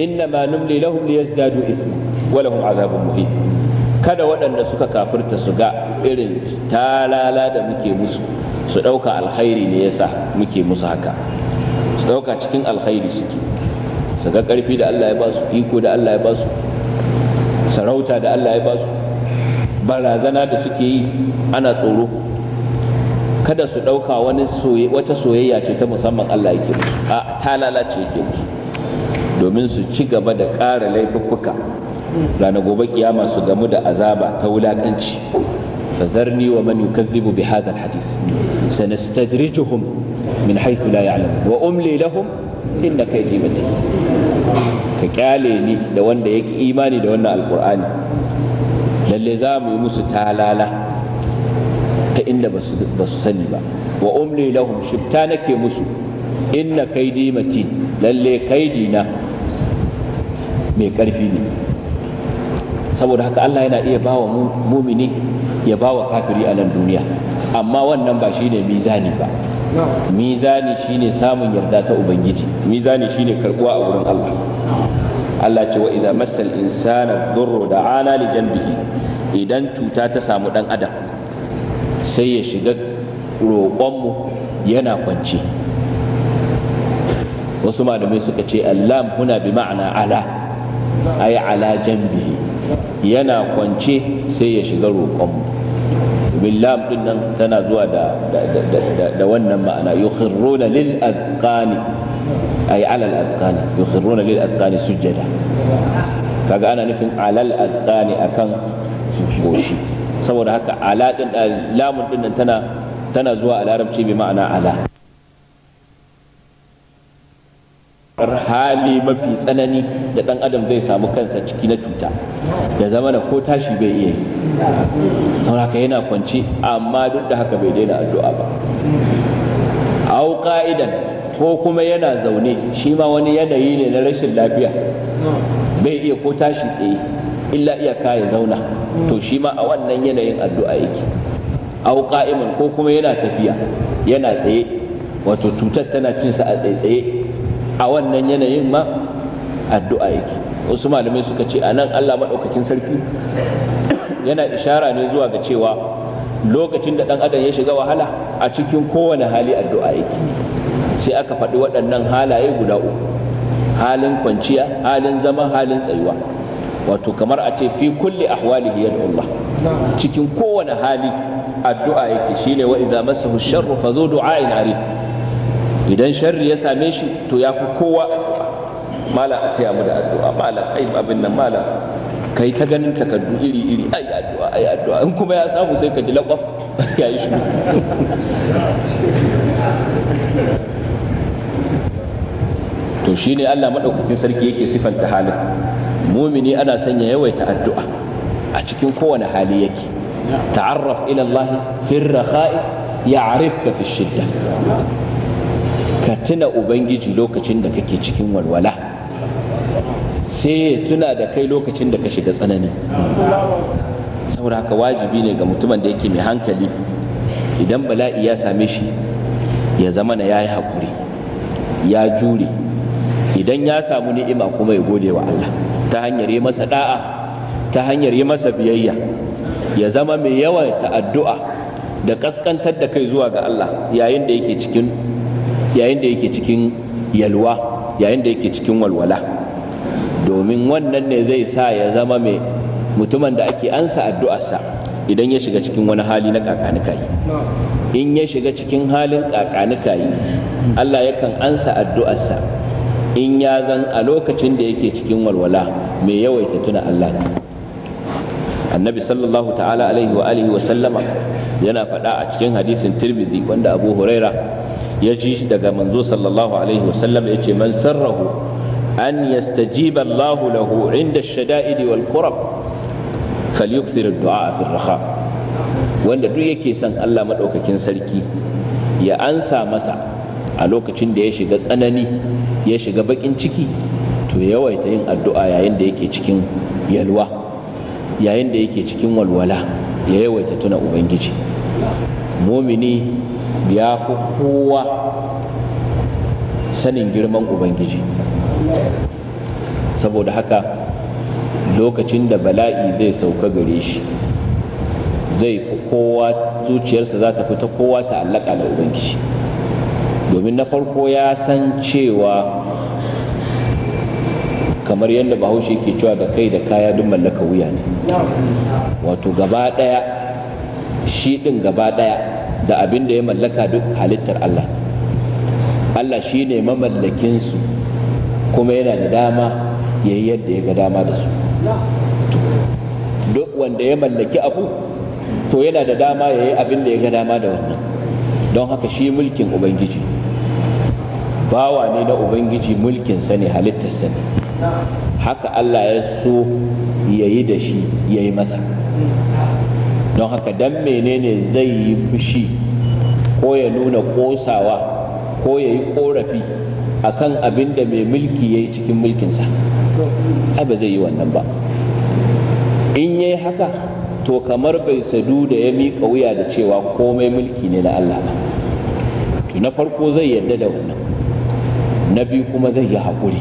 innama numli lahum liyazdadu ithma wa lahum adhabun muhin kada waɗanda suka kafirta su ga irin talala da muke musu su ɗauka alkhairi ne yasa muke musu haka su ɗauka cikin alkhairi suke su ga ƙarfi da Allah ya ba su iko da Allah ya ba su sarauta da Allah ya ba su barazana da suke yi ana tsoro kada su ɗauka wani wata soyayya ce ta musamman Allah yake musu a ta lalace yake musu domin su ci gaba da ƙara laifuffuka ranar gobe kiyama su gamu da azaba ta wulakanci فذرني ومن يكذب بهذا الحديث سنستدرجهم من حيث لا يعلم وأملي لهم إن كيدي متين كقالي ني da wanda yake imani da wannan alqur'ani lalle za mu yi musu talala ta inda ba sani ba wa umli lahum shibta nake musu inna kai matin lalle kaidi mai ƙarfi ne saboda haka Allah yana iya bawa mumini ya ba wa kafiri a nan duniya amma wannan ba shi ne mizani ba mizani ne samun yarda ta ubangiji mizani ne karbuwa a wurin Allah Allah ce wa idza massal insana dhurru da'ana li janbihi idan cuta ta samu dan adam sai ya shiga roƙonmu yana kwance wasu malamai suka ce allah muna bi ma'ana ala ay ala janbihi yana kwance sai ya shiga roƙonmu domin lam nan tana zuwa da da wannan ma'ana lil azqani ay ala al azqani lil azqani kaga ana nufin alal azqani akan goshi saboda haka ala din lamun din nan tana tana zuwa a larabci bi ma'ana ala hali mafi tsanani da dan adam zai samu kansa ciki na cuta ya zama da ko tashi bai iya yi haka yana kwanci amma duk da haka bai daina addu'a ba au ka'idan ko kuma yana zaune shi ma wani yanayi ne na rashin lafiya bai iya ko tashi tsaye illa iya kaya zauna to shi ma a wannan yanayin addu'a yake au ka'iman ko kuma yana tafiya yana tsaye wato cutar tana cinsa a tsaye a wannan yanayin ma addu'a yake wasu malamai suka ce a nan allah maɗaukakin sarki yana ishara ne zuwa ga cewa lokacin da ɗan adam ya shiga wahala a cikin kowane hali addu'a yake sai aka faɗi waɗannan halaye guda uku halin kwanciya halin zama halin tsayuwa wato kamar a ce fi kulli ahwalihi Allah cikin kowane hali addu'a yake shine wa idza massahu sharru fa zu du'a'in ari idan sharri ya same shi to ya fi kowa addu'a malam a taya mu da addu'a malam ai abin nan malam kai ta ganin takardu iri iri ai addu'a ai addu'a in kuma ya samu sai ka ji lakwaf ya yi shi to shine Allah madaukakin sarki yake sifanta halin mumini ana sanya yawaita addu'a a cikin kowane hali yake ta'arraf ila Allah fi ar-rakhai fi shidda ka tuna ubangiji lokacin da kake cikin walwala sai ya tuna da kai lokacin da ka shiga tsanani saboda haka wajibi ne ga mutumin da yake mai hankali idan bala'i ya same shi ya zama na yayi hakuri, ya jure idan ya samu ni'ima kuma ya gode wa Allah ta hanyar yi masa da'a ta hanyar yi masa biyayya ya zama mai yawan ta'addu'a da kaskantar da kai zuwa ga Allah yayin da yake cikin yayin da yake cikin yalwa yayin da yake cikin walwala domin wannan ne zai sa ya zama mai mutumin da ake ansa addu'arsa idan ya shiga cikin wani hali na yi. in ya shiga cikin halin yi, Allah yakan ansa addu'arsa in ya zan a lokacin da yake cikin walwala mai yawaita tuna Allah annabi sallallahu ta'ala alaihi wa alihi wa sallama yana faɗa a cikin hadisin tirmizi wanda abu huraira ya ji daga manzo sallallahu alaihi wasallam ya ce man sarrahu an yastajiba Allahu lahu inda shada'idi wal qurab falyukthir ad-du'a fi raha wanda duk yake son Allah madaukakin sarki ya ansa masa a lokacin da ya shiga tsanani ya shiga bakin ciki to yawaita yin addu'a yayin da yake cikin yalwa yayin da yake cikin walwala ya yawaita tuna ubangiji mumini ya fi kowa sanin girman ubangiji saboda haka lokacin da bala'i zai sauka gare shi zai fi kowa zuciyarsa za ta fita kowa ta allaka da ubangiji domin na farko ya san cewa kamar yadda bahaushe ke cewa da kai da kaya duk mallaka wuya ne wato gaba ɗaya shi ɗin gaba ɗaya da abin da ya mallaka duk halittar Allah Allah shi ne mamallakinsu kuma yana da dama ya yi yadda ya ga dama da su duk wanda ya mallaki abu to yana da dama ya yi abin da ya ga dama da wannan don haka shi mulkin ubangiji bawa ne na ubangiji mulkinsa ne halittar ne haka Allah ya so ya yi da shi ya yi masa don haka dan menene zai yi fushi ko ya nuna kosawa ko ya yi korafi kan abin da mai mulki ya yi cikin mulkinsa ai ba zai yi wannan ba in ya yi haka to kamar bai sadu da ya miƙa wuya da cewa komai mulki ne na Allah ba to na farko zai yarda da wannan na biyu kuma zai yi haƙuri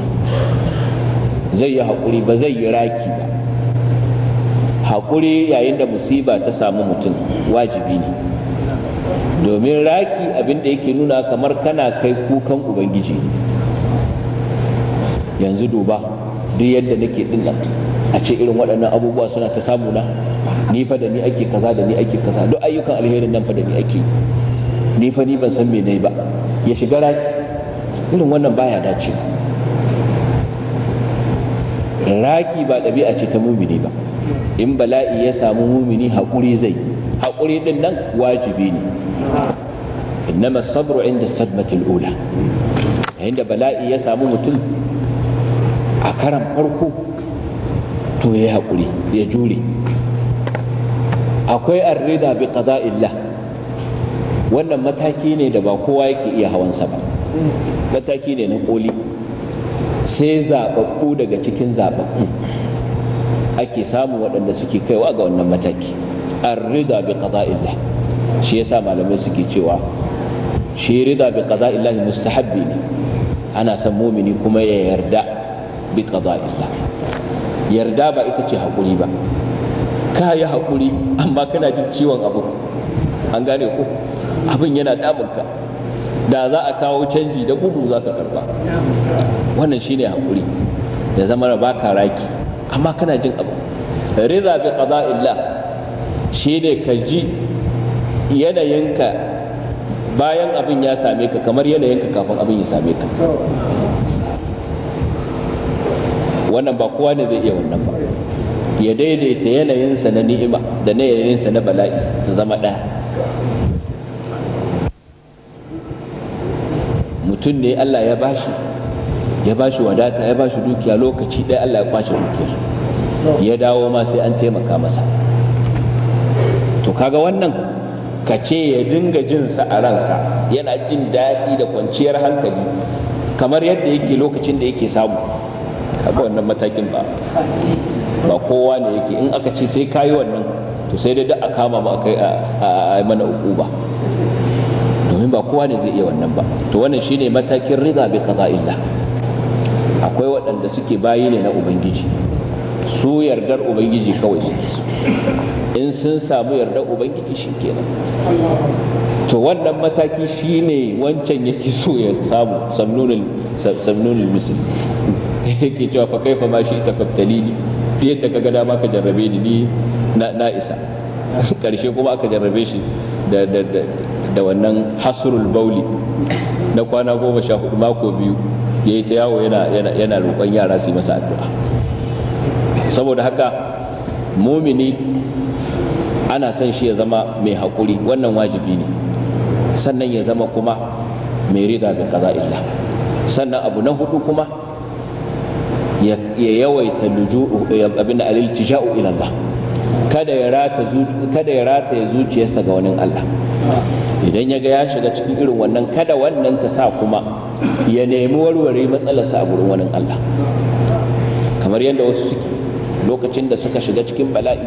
zai yi haƙuri ba zai yi raki ba haƙuri yayin da musiba ta samu mutum wajibi ne domin raki abin da yake nuna kamar kana kai kukan ubangiji yanzu duba duk yadda nake dinnan a ce irin waɗannan abubuwa suna ta samu na ni fa da ni ake kaza da ni ake kaza duk ayyukan alherin nan fa da ni ake ni fa ni ban san me nayi ba ya shiga raki irin wannan baya dace raki ba ɗabi'a ce ta mumini ba in bala'i ya samu mumini haƙuri zai haƙuri din nan wajibi ne innama sabru inda sadmatil ula yayin da bala'i ya samu mutum a karan farko to ya haƙuri ya jure akwai arrida bi qada'illah wannan mataki ne da ba kowa yake iya hawansa ba mataki ne na ƙoli. sai zaɓaɓɓu daga cikin zaɓaɓɓu ake samun waɗanda suke kaiwa ga wannan mataki An rida bi qada'illah shi yasa malamai suke cewa shi rida bi qada'illah mustahabbi ne ana son mumini kuma ya yarda bi qada'illah yarda ba ita ce hakuri ba ka yi hakuri amma kana jin ciwon abu an gane ko abin yana damunka da za a kawo canji da gudu za ka karba wannan shine hakuri da zama ba ka raki amma kana jin abu rida bi qada'illah shine ka ji yanayinka bayan abin ya same ka kamar yanayinka kafin abin ya same ka wannan ba kowa ne zai iya wannan ba ya daidaita yanayinsa na ni'ima da na yanayinsa na bala'i ta zama ɗaya mutum ne Allah ya bashi ya ba shi wadata ya ba shi dukiya lokaci ɗaya Allah ya kwashe dukiyar ya dawo ma sai an taimaka masa to kaga wannan ka ce ya dinga jinsa a ransa yana jin daɗi da kwanciyar hankali kamar yadda yake lokacin da yake samu kaga wannan matakin ba ba kowa ne yake in aka ce sai kayi wannan to sai dai a kama ba kai a mana uku ba domin ba kowa ne zai iya wannan ba to wannan shine matakin riga bi qada'illah akwai waɗanda suke bayi ne na ubangiji su yardar ubangiji kawai suke su in sun samu yardar ubangiji shi kenan to wannan mataki shi ne wancan yake so ya samu samnunin musul yake cewa fa kaifa ma shi ta kaftali ni fiye ta kaga dama ka jarrabe ni na isa karshe kuma aka jarrabe shi da wannan hasrul bauli na kwana goma sha hudu mako biyu yayi ta yawo yana yana roƙon yara su yi masa addu'a saboda haka mumini ana son shi ya zama mai haƙuri wannan wajibi ne sannan ya zama kuma mai riga da ƙaza illa sannan abu na hudu kuma ya yawaita abin da aliltija'u ila Allah kada ya rata ya zuciyarsa ga wani Allah idan ya ga ya shiga cikin irin wannan kada wannan ta sa kuma ya nemi warware matsalarsa a gurin wani Allah kamar yadda wasu suke lokacin da suka shiga cikin bala'i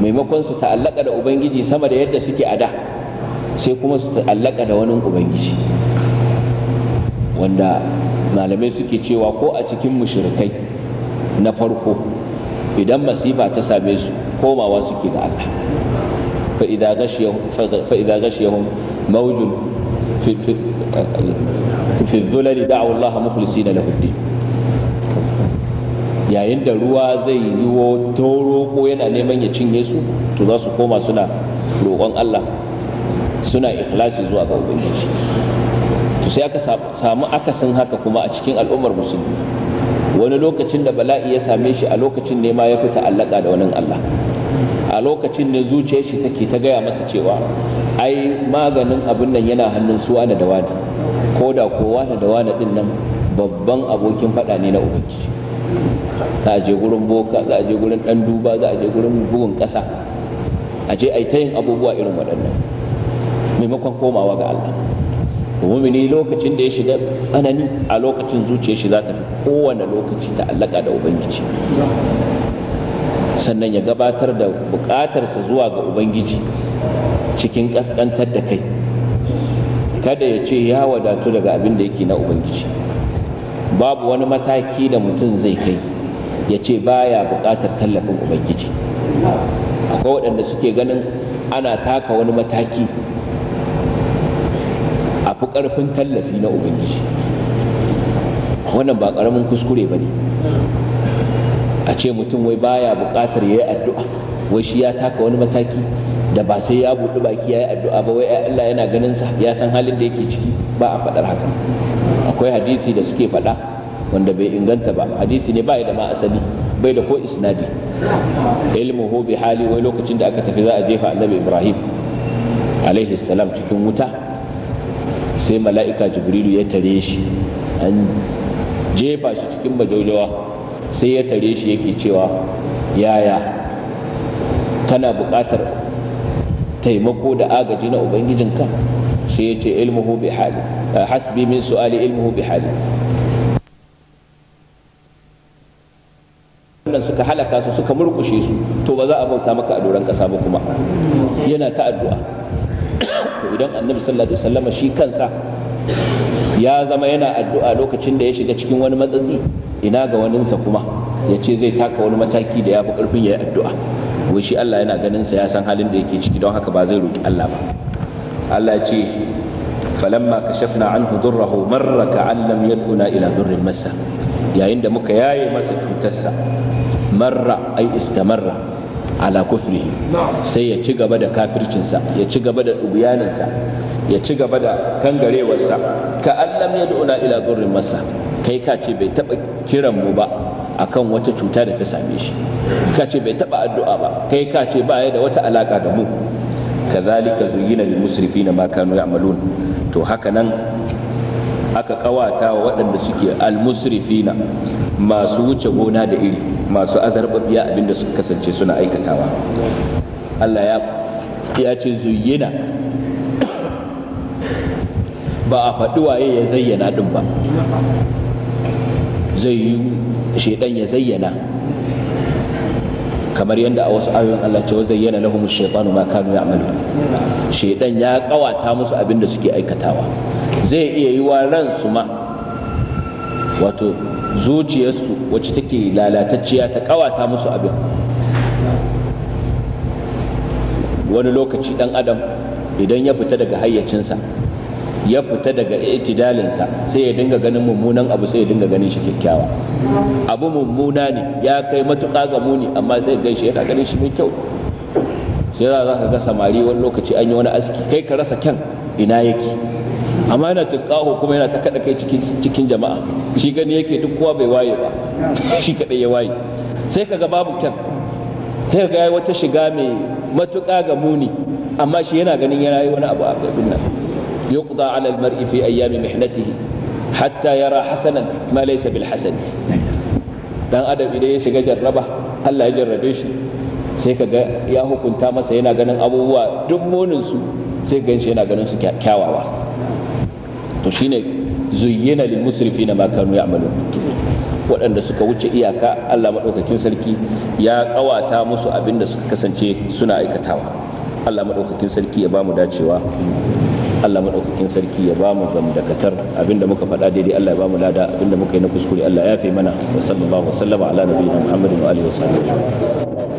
maimakon su ta'allaka da ubangiji sama da yadda suke a da sai kuma su ta'allaka da wani ubangiji wanda malamai suke cewa ko a cikin mushrikai na farko idan masifa ta same su komawa suke ga Allah fa idza ghashiyahum mawjun fi fi laha da'u Allah na lahu ad yayin da ruwa zai yi wa roƙo yana neman ya cinye su to za su koma suna roƙon Allah suna ikhlasi zuwa ga ubangiji to sai aka samu akasin haka kuma a cikin al'ummar musulmi wani lokacin da bala'i ya same shi a lokacin ne ma ya fi ta'allaka da wani Allah a lokacin ne zuciyar shi take ta gaya masa cewa ai maganin abin nan yana hannun su wani da wani ko da kowa da wani din nan babban abokin faɗa ne na ubangiji za a je gurin boka za a je gurin ɗan duba za a je gurin bugun ƙasa a je a yi ta yin abubuwa irin waɗannan maimakon komawa ga Allah mumini lokacin da ya shiga tsanani a lokacin zuciyar shi za ta fi kowane lokaci ta allaka da ubangiji sannan ya gabatar da bukatarsa zuwa ga ubangiji cikin kaskantar da kai kada ya ce ya wadatu daga abin da yake na ubangiji babu wani mataki da mutum zai kai ya ce baya bukatar tallafin ubangiji akwai waɗanda suke ganin ana taka wani mataki fi ƙarfin tallafi na ubangiji wannan ba ƙaramin kuskure ba ne a ce mutum wai baya buƙatar ya yi addu'a wai shi ya taka wani mataki da ba sai ya buɗi baki ya yi addu'a ba wai Allah yana ganin sa ya san halin da yake ciki ba a faɗar haka akwai hadisi da suke faɗa wanda bai inganta ba hadisi ne ba da ma asali bai da ko isnadi ilmu bi hali wai lokacin da aka tafi za a jefa annabi Ibrahim alaihi salam cikin wuta sai mala'ika jibrilu ya tare shi an jefa shi cikin bajaujawa sai ya tare shi yake cewa yaya kana buƙatar taimako da agaji na ubangijinka sai ya ce ilmuhu bi hali eh, hasbi min su'ali ilmuhu bi hali wannan suka halaka su suka murkushe su to ba za a bauta maka a doron kasa ba kuma yana ta addu'a to idan annabi sallallahu alaihi wasallam shi kansa ya zama yana addu'a lokacin da ya shiga cikin wani matsatsi ina ga waninsa kuma ya ce zai taka wani mataki da ya fi karfin ya yi addu'a wai shi Allah yana ganin sa ya san halin da yake ciki don haka ba zai roki Allah ba Allah ya ce falamma kashafna anhu durrahu marra ka'an lam yad'una ila durrin massa yayin da muka yaye masa cutarsa marra ay istamarra ala kufrihi sai ya ci gaba da kafircinsa ya ci gaba da dubiyaninsa ya ci gaba da kangarewarsa ka allam ya da'una ila gurrin masa kai ka ce bai taba kiran mu ba akan wata cuta da ta same shi ka ce bai taba addu'a ba kai ka ce ba ya da wata alaka da mu kazalika zuyina lil musrifina ma kanu ya'malun to haka nan aka kawata wa waɗanda suke al musrifina masu wuce gona da iri masu azarbabiya abinda suka kasance suna aikatawa Allah ya ce zuyina ba a faɗi waye ya zayyana ɗin ba zai yi shaidan ya zayyana kamar yadda a wasu ayoyin Allah ce zayyana lahum shaytanu ma kanu amalu shaidan ya kawata musu abin da suke aikatawa zai iya yi wa ransu ma wato zuciyarsu wacce take lalatacciya ta kawata musu abin wani lokaci dan adam idan ya fita daga hayyacinsa ya fita daga itidalinsa sai ya dinga ganin mummunan abu sai ya dinga ganin shi kyakkyawa abu mummuna ne ya kai matuƙa ga muni amma sai ga shi yana ganin shi mai kyau sai za ka ga samari wani lokaci an yi wani aski kai ka rasa kyan ina yake amma yana kawo kuma yana ta kada kai cikin jama'a shi gani yake duk kowa bai waye ba shi kadai ya waye sai kaga babu kyan sai kaga wata shiga mai matuƙa ga muni amma shi yana ganin yana yi wani abu a abin nan yuqda ala almar'i fi ayyami mihnatihi hatta yara hasanan ma laysa bil hasan dan adam idan ya shiga jarraba Allah ya jarrabe shi sai kaga ya hukunta masa yana ganin abubuwa duk munin su sai ganshi yana ganin su kyawawa to shine zuyyina lil musrifina ma kanu ya'malu waɗanda suka wuce iyaka Allah madaukakin sarki ya ƙawata musu abinda suka kasance suna aikatawa Allah madaukakin sarki ya bamu dacewa Allah madaukakin sarki ya bamu zamdakatar abinda muka faɗa daidai Allah ya bamu lada Abinda muka yi na kuskure Allah ya fi mana wa sallallahu wa sallama ala nabiyina Muhammadin wa alihi wa sahbihi